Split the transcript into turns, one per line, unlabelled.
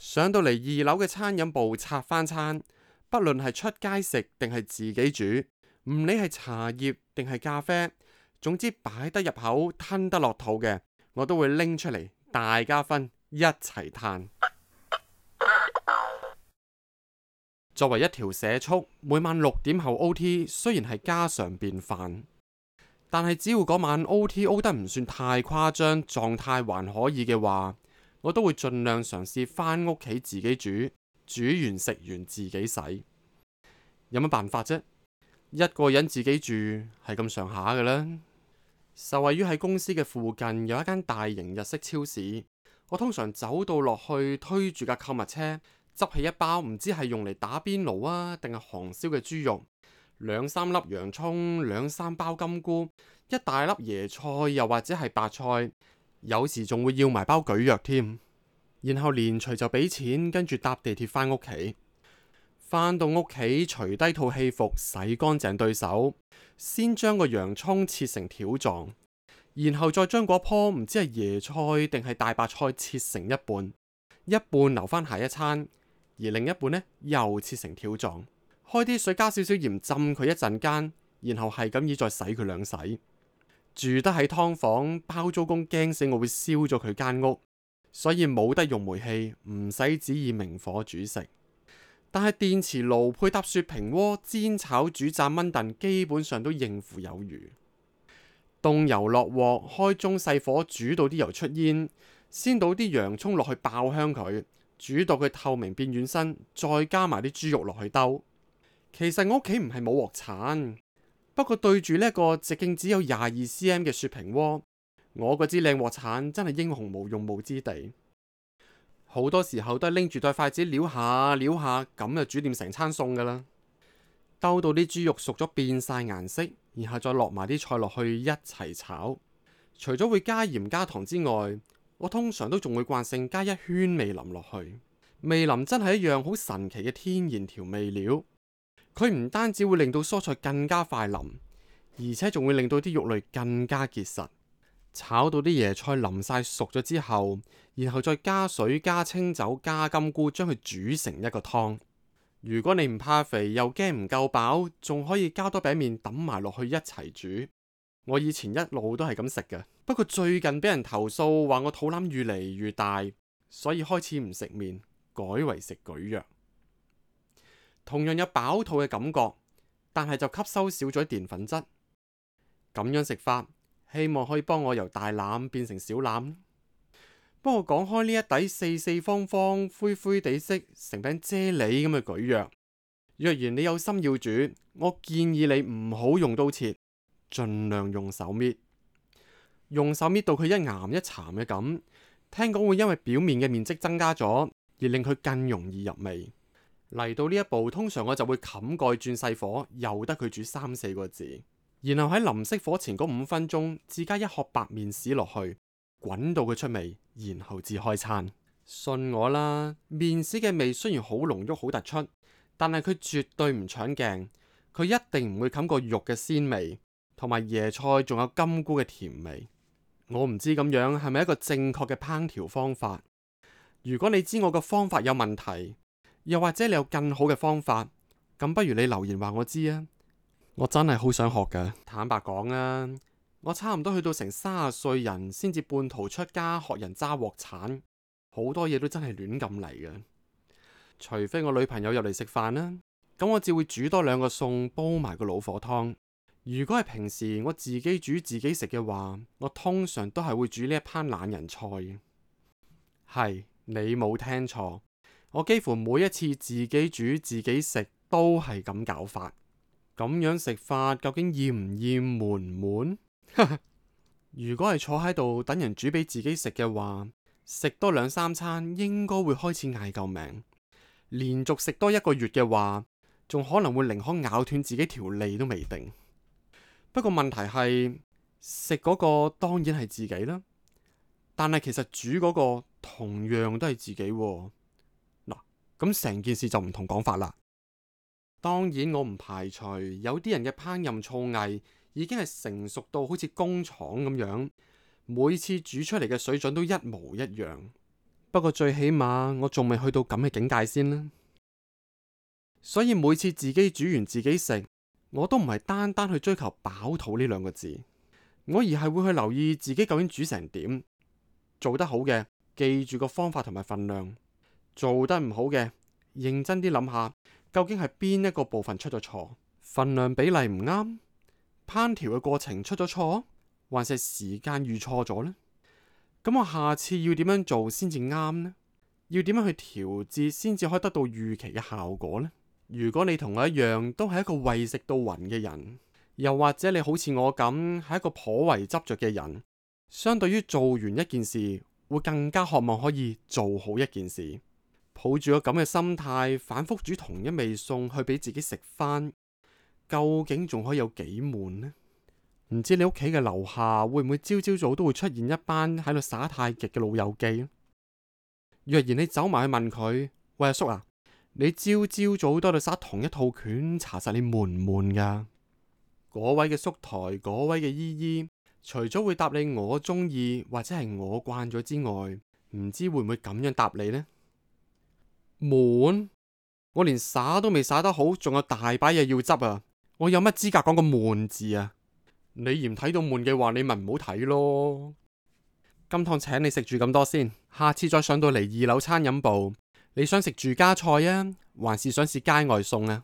上到嚟二樓嘅餐飲部拆返餐，不論係出街食定係自己煮，唔理係茶葉定係咖啡，總之擺得入口、吞得落肚嘅，我都會拎出嚟，大家分一齊嘆。 作為一條社畜，每晚六點後 O T 雖然係家常便飯，但係只要嗰晚 O T O 得唔算太誇張，狀態還可以嘅話。我都會盡量嘗試返屋企自己煮，煮完食完自己洗。有乜辦法啫？一個人自己住係咁上下嘅啦。受惠於喺公司嘅附近有一間大型日式超市，我通常走到落去推住架購物車，執起一包唔知係用嚟打邊爐啊，定係紅燒嘅豬肉，兩三粒洋葱，兩三包金菇，一大粒椰菜又或者係白菜。有時仲會要埋包蒟蒻添，然後連隨就俾錢，跟住搭地鐵返屋企。返到屋企，除低套戲服，洗乾淨對手，先將個洋葱切成條狀，然後再將嗰棵唔知係椰菜定係大白菜切成一半，一半留翻下一餐，而另一半呢又切成條狀，開啲水加少少鹽浸佢一陣間，然後係噉意再洗佢兩洗。住得喺劏房，包租公驚死我會燒咗佢間屋，所以冇得用煤氣，唔使旨意明火煮食。但係電磁爐配搭雪平鍋煎炒煮炒煮炸燜燉，基本上都應付有餘。凍油落鑊，開中細火煮到啲油出煙，先倒啲洋蔥落去爆香佢，煮到佢透明變軟身，再加埋啲豬肉落去兜。其實我屋企唔係冇鑊鏟。不過對住呢個直徑只有廿二 cm 嘅雪平鍋，我嗰支靚鑊鏟真係英雄無用武之地。好多時候都係拎住對筷子撩下撩下，咁就煮掂成餐餸噶啦。兜到啲豬肉熟咗變晒顏色，然後再落埋啲菜落去一齊炒。除咗會加鹽加糖之外，我通常都仲會慣性加一圈味淋落去。味淋真係一樣好神奇嘅天然調味料。佢唔單止會令到蔬菜更加快腍，而且仲會令到啲肉類更加結實。炒到啲椰菜腍晒熟咗之後，然後再加水、加清酒、加金菇，將佢煮成一個湯。如果你唔怕肥又驚唔夠飽，仲可以加多餅麵揼埋落去一齊煮。我以前一路都係咁食嘅，不過最近俾人投訴話我肚腩越嚟越大，所以開始唔食麵，改為食蒟蒻。同樣有飽肚嘅感覺，但係就吸收少咗澱粉質。咁樣食法，希望可以幫我由大腩變成小腩。不過講開呢一底四四方方、灰灰地色、成餅啫喱咁嘅蒟蒻。若然你有心要煮，我建議你唔好用刀切，盡量用手搣。用手搣到佢一岩一殘嘅咁，聽講會因為表面嘅面積增加咗，而令佢更容易入味。嚟到呢一步，通常我就會冚蓋，蓋轉細火，由得佢煮三四個字，然後喺臨熄火前嗰五分鐘，至加一盒白麵豉落去，滾到佢出味，然後至開餐。信我啦，麵豉嘅味雖然好濃郁、好突出，但係佢絕對唔搶鏡，佢一定唔會冚過肉嘅鮮味，同埋椰菜仲有金菇嘅甜味。我唔知咁樣係咪一個正確嘅烹調方法。如果你知我嘅方法有問題。又或者你有更好嘅方法，咁不如你留言話我知啊！我真係好想學噶。坦白講啊，我差唔多去到成三十歲人先至半途出家學人揸鑊鏟，好多嘢都真係亂咁嚟嘅。除非我女朋友入嚟食飯啦，咁我只會煮多兩個餸，煲埋個老火湯。如果係平時我自己煮自己食嘅話，我通常都係會煮呢一盤懶人菜。係你冇聽錯。我幾乎每一次自己煮自己食都係咁搞法，咁樣食法究竟厭唔厭、悶唔悶？如果係坐喺度等人煮俾自己食嘅話，食多兩三餐應該會開始嗌救命。連續食多一個月嘅話，仲可能會寧可咬斷自己條脷都未定。不過問題係食嗰個當然係自己啦，但係其實煮嗰個同樣都係自己。咁成件事就唔同講法啦。當然我唔排除有啲人嘅烹飪造詣已經係成熟到好似工廠咁樣，每次煮出嚟嘅水準都一模一樣。不過最起碼我仲未去到咁嘅境界先啦。所以每次自己煮完自己食，我都唔係單單去追求飽肚呢兩個字，我而係會去留意自己究竟煮成點，做得好嘅，記住個方法同埋份量。做得唔好嘅，認真啲諗下，究竟係邊一個部分出咗錯？份量比例唔啱？烹調嘅過程出咗錯？還是時間預錯咗呢？咁我下次要點樣做先至啱呢？要點樣去調節先至可以得到預期嘅效果呢？如果你同我一樣，都係一個為食到暈嘅人，又或者你好似我咁，係一個頗為執着嘅人，相對於做完一件事，會更加渴望可以做好一件事。抱住個咁嘅心態，反覆煮同一味餸去俾自己食返，究竟仲可以有幾悶呢？唔知你屋企嘅樓下會唔會朝朝早都會出現一班喺度耍太極嘅老友記？若然你走埋去問佢，喂阿叔啊，你朝朝早都喺度耍同一套拳，查實你悶唔悶噶？嗰位嘅叔台，嗰位嘅姨姨，除咗會答你我中意或者係我慣咗之外，唔知會唔會咁樣答你呢？悶，我連灑都未灑得好，仲有大把嘢要執啊！我有乜資格講個悶字啊？你嫌睇到悶嘅話，你咪唔好睇咯。今趟請你食住咁多先，下次再上到嚟二樓餐飲部，你想食住家菜啊，還是想試街外餸啊？